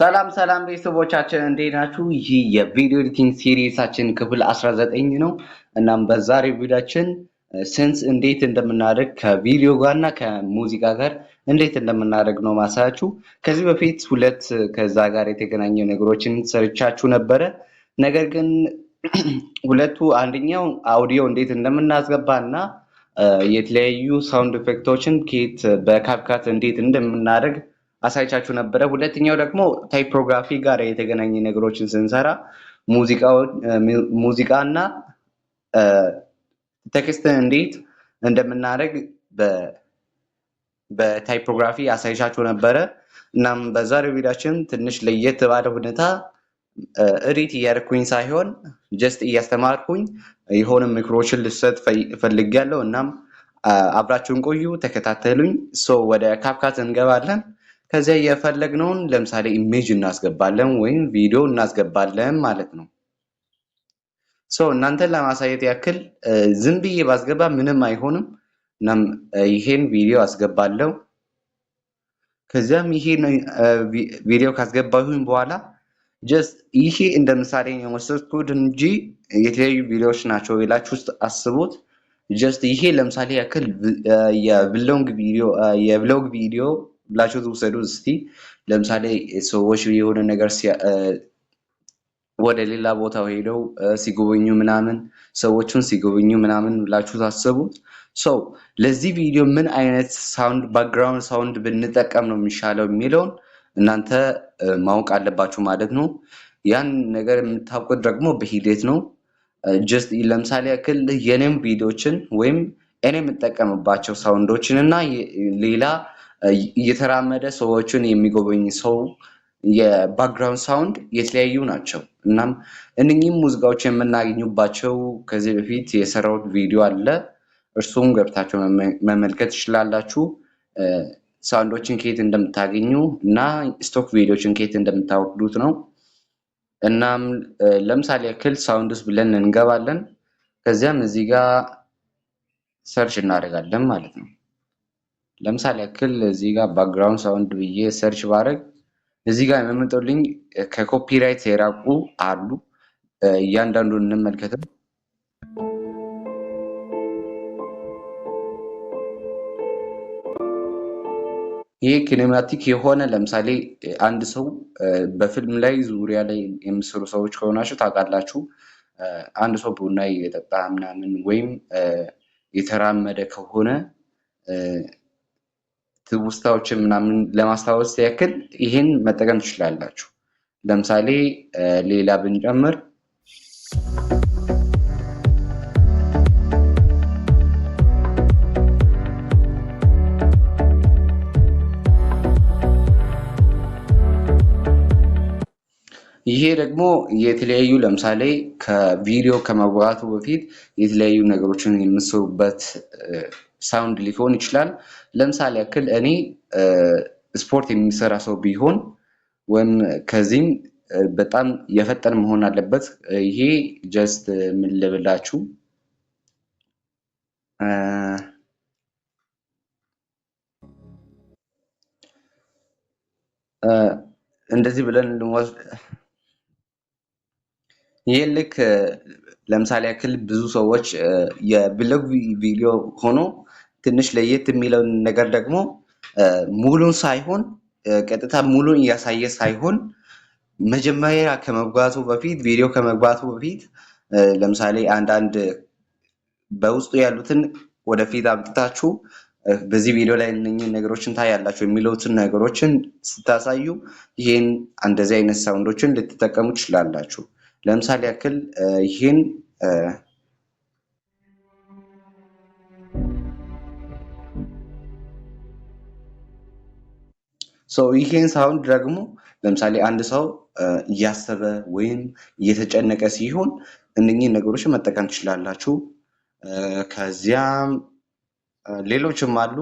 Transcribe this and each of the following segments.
ሰላም ሰላም ቤተሰቦቻችን እንዴት ናችሁ? ይህ የቪዲዮ ኤዲቲንግ ሲሪሳችን ክፍል 19 ነው። እናም በዛሬው ቪዲዮችን ሴንስ እንዴት እንደምናደርግ ከቪዲዮ ጋር እና ከሙዚቃ ጋር እንዴት እንደምናደርግ ነው ማሳያችሁ። ከዚህ በፊት ሁለት ከዛ ጋር የተገናኘ ነገሮችን ሰርቻችሁ ነበረ። ነገር ግን ሁለቱ አንደኛው አውዲዮ እንዴት እንደምናስገባ እና የተለያዩ ሳውንድ ኢፌክቶችን ኬት በካፕካት እንዴት እንደምናደርግ አሳይቻችሁ ነበረ። ሁለተኛው ደግሞ ታይፖግራፊ ጋር የተገናኘ ነገሮችን ስንሰራ ሙዚቃና ቴክስትን እንዴት እንደምናደርግ በታይፖግራፊ አሳይቻችሁ ነበረ። እናም በዛሬው ቪዲዮችን ትንሽ ለየት ባለ ሁኔታ እሪት እያደረኩኝ ሳይሆን ጀስት እያስተማርኩኝ የሆነ ምክሮችን ልሰጥ ፈልጌያለሁ። እናም አብራችሁን ቆዩ፣ ተከታተሉኝ። ሶ ወደ ካፕካት እንገባለን። ከዚያ የፈለግነውን ለምሳሌ ኢሜጅ እናስገባለን ወይም ቪዲዮ እናስገባለን ማለት ነው። ሰው እናንተን ለማሳየት ያክል ዝም ብዬ ባስገባ ምንም አይሆንም። እናም ይሄን ቪዲዮ አስገባለሁ። ከዚያም ይሄን ቪዲዮ ካስገባሁኝ በኋላ ጀስት ይሄ እንደ ምሳሌ የወሰድኩት እንጂ የተለያዩ ቪዲዮዎች ናቸው ይላችሁ ውስጥ አስቡት። ጀስት ይሄ ለምሳሌ ያክል የብሎግ ቪዲዮ ብላችሁ ትውሰዱ እስቲ ለምሳሌ ሰዎች የሆነ ነገር ወደ ሌላ ቦታ ሄደው ሲጎበኙ ምናምን ሰዎቹን ሲጎበኙ ምናምን ብላችሁ ታስቡት። ሰው ለዚህ ቪዲዮ ምን አይነት ሳውንድ ባክግራውንድ ሳውንድ ብንጠቀም ነው የሚሻለው የሚለውን እናንተ ማወቅ አለባችሁ ማለት ነው። ያን ነገር የምታውቁት ደግሞ በሂደት ነው። ጀስት ለምሳሌ ያክል የኔም ቪዲዮችን ወይም እኔ የምጠቀምባቸው ሳውንዶችን እና ሌላ እየተራመደ ሰዎችን የሚጎበኝ ሰው የባክግራውንድ ሳውንድ የተለያዩ ናቸው። እናም እነኚህም ሙዚቃዎች የምናገኙባቸው ከዚህ በፊት የሰራሁት ቪዲዮ አለ። እርሱም ገብታችሁ መመልከት ትችላላችሁ። ሳውንዶችን ከየት እንደምታገኙ እና ስቶክ ቪዲዮዎችን ከየት እንደምታወርዱት ነው። እናም ለምሳሌ ያክል ሳውንድስ ብለን እንገባለን። ከዚያም እዚህ ጋር ሰርች እናደርጋለን ማለት ነው። ለምሳሌ ያክል እዚህ ጋር ባክግራውንድ ሳውንድ ብዬ ሰርች ባረግ እዚህ ጋር የሚመጡልኝ ከኮፒራይት የራቁ አሉ። እያንዳንዱን እንመልከትም። ይህ ኪኔማቲክ የሆነ ለምሳሌ አንድ ሰው በፊልም ላይ ዙሪያ ላይ የሚሰሩ ሰዎች ከሆናችሁ ታውቃላችሁ። አንድ ሰው ቡና እየጠጣ ምናምን ወይም የተራመደ ከሆነ ትውስታዎችን ምናምን ለማስታወስ ያክል ይህን መጠቀም ትችላላችሁ። ለምሳሌ ሌላ ብንጨምር ይሄ ደግሞ የተለያዩ ለምሳሌ ከቪዲዮ ከመግባቱ በፊት የተለያዩ ነገሮችን የምትስቡበት ሳውንድ ሊሆን ይችላል። ለምሳሌ ያክል እኔ ስፖርት የሚሰራ ሰው ቢሆን ወይም ከዚህም በጣም የፈጠን መሆን አለበት። ይሄ ጀስት ምን ልብላችሁ እንደዚህ ብለን ይህ ልክ ለምሳሌ ያክል ብዙ ሰዎች የብለጉ ቪዲዮ ሆኖ ትንሽ ለየት የሚለውን ነገር ደግሞ ሙሉን ሳይሆን ቀጥታ ሙሉን እያሳየ ሳይሆን መጀመሪያ ከመግባቱ በፊት ቪዲዮ ከመግባቱ በፊት ለምሳሌ አንዳንድ በውስጡ ያሉትን ወደፊት አምጥታችሁ በዚህ ቪዲዮ ላይ እነኝን ነገሮች ታያላችሁ የሚለውትን ነገሮችን ስታሳዩ ይህን እንደዚህ አይነት ሳውንዶችን ልትጠቀሙ ትችላላችሁ። ለምሳሌ ያክል ይህን ሰው ይሄን ሳውንድ ደግሞ ለምሳሌ አንድ ሰው እያሰበ ወይም እየተጨነቀ ሲሆን እነኚህን ነገሮች መጠቀም ትችላላችሁ። ከዚያም ሌሎችም አሉ።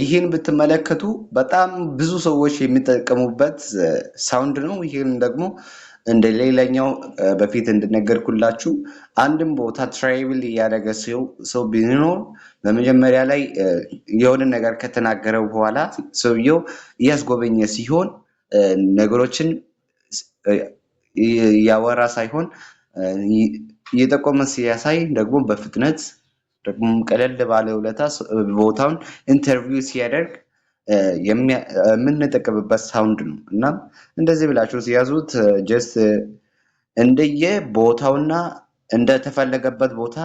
ይህን ብትመለከቱ በጣም ብዙ ሰዎች የሚጠቀሙበት ሳውንድ uh, ነው። ይህን ደግሞ እንደ ሌላኛው uh, በፊት እንደነገርኩላችሁ አንድም ቦታ ትራይብል እያደረገ ሰው ቢኖር በመጀመሪያ ላይ uh, የሆነ ነገር ከተናገረ በኋላ ሰውየው እያስጎበኘ ሲሆን ነገሮችን ያወራ ሳይሆን እየጠቆመ ሲያሳይ ደግሞ በፍጥነት ደግሞ ቀለል ባለ ውለታ ቦታውን ኢንተርቪው ሲያደርግ የምንጠቀምበት ሳውንድ ነው እና እንደዚህ ብላችሁ ሲያዙት ጀስት እንደየ ቦታውና እንደተፈለገበት ቦታ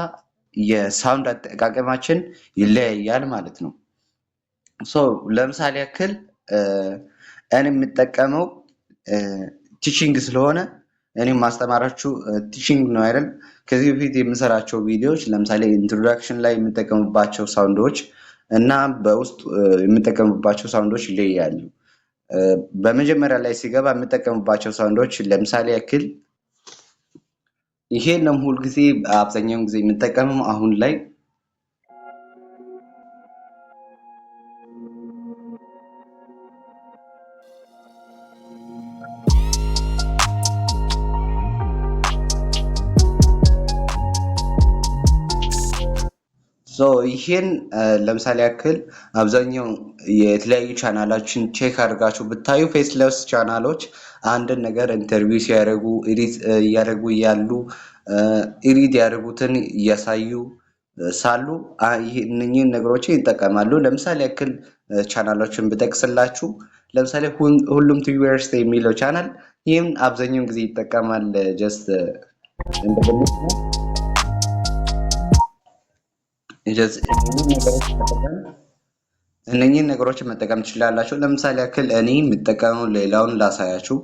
የሳውንድ አጠቃቀማችን ይለያያል ማለት ነው። ለምሳሌ ያክል እኔ የምጠቀመው ቲቺንግ ስለሆነ እኔም ማስተማራችሁ ቲቺንግ ነው አይደል? ከዚህ በፊት የምሰራቸው ቪዲዮዎች ለምሳሌ ኢንትሮዳክሽን ላይ የምጠቀምባቸው ሳውንዶች እና በውስጥ የምጠቀምባቸው ሳውንዶች ይለያሉ። በመጀመሪያ ላይ ሲገባ የምጠቀምባቸው ሳውንዶች ለምሳሌ ያክል ይሄ ሁል ጊዜ አብዛኛውን ጊዜ የምጠቀመው አሁን ላይ ይህን ለምሳሌ ያክል አብዛኛው የተለያዩ ቻናላችን ቼክ አድርጋችሁ ብታዩ ፌስለስ ቻናሎች አንድን ነገር ኢንተርቪው ሲያደርጉ ኤዲት እያደረጉ እያሉ ኤዲት ያደርጉትን እያሳዩ ሳሉ እነኚህን ነገሮችን ይጠቀማሉ። ለምሳሌ ያክል ቻናሎችን ብጠቅስላችሁ ለምሳሌ ሁሉም ቲዩበርስ የሚለው ቻናል ይህም አብዛኛውን ጊዜ ይጠቀማል ጀስት እነኚህን ነገሮችን መጠቀም ትችላላችሁ። ለምሳሌ ያክል እኔ የምጠቀመው ሌላውን ላሳያችሁ።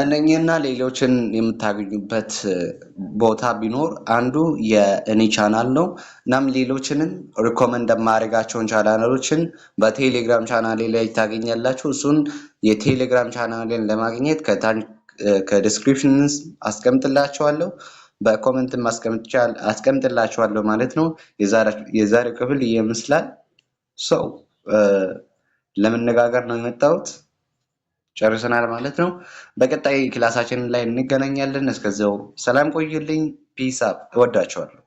እነኝህና ሌሎችን የምታገኙበት ቦታ ቢኖር አንዱ የእኔ ቻናል ነው። እናም ሌሎችንም ሪኮመንድ የማደርጋቸውን ቻናሎችን በቴሌግራም ቻናሌ ላይ ታገኛላችሁ። እሱን የቴሌግራም ቻናሌን ለማግኘት ከዲስክሪፕሽን አስቀምጥላችኋለሁ፣ በኮመንትም አስቀምጥላችኋለሁ ማለት ነው። የዛሬው ክፍል ይመስላል ሰው ለመነጋገር ነው የመጣሁት። ጨርሰናል ማለት ነው። በቀጣይ ክላሳችን ላይ እንገናኛለን። እስከዚያው ሰላም ቆይልኝ። ፒስ አፕ። እወዳቸዋለሁ።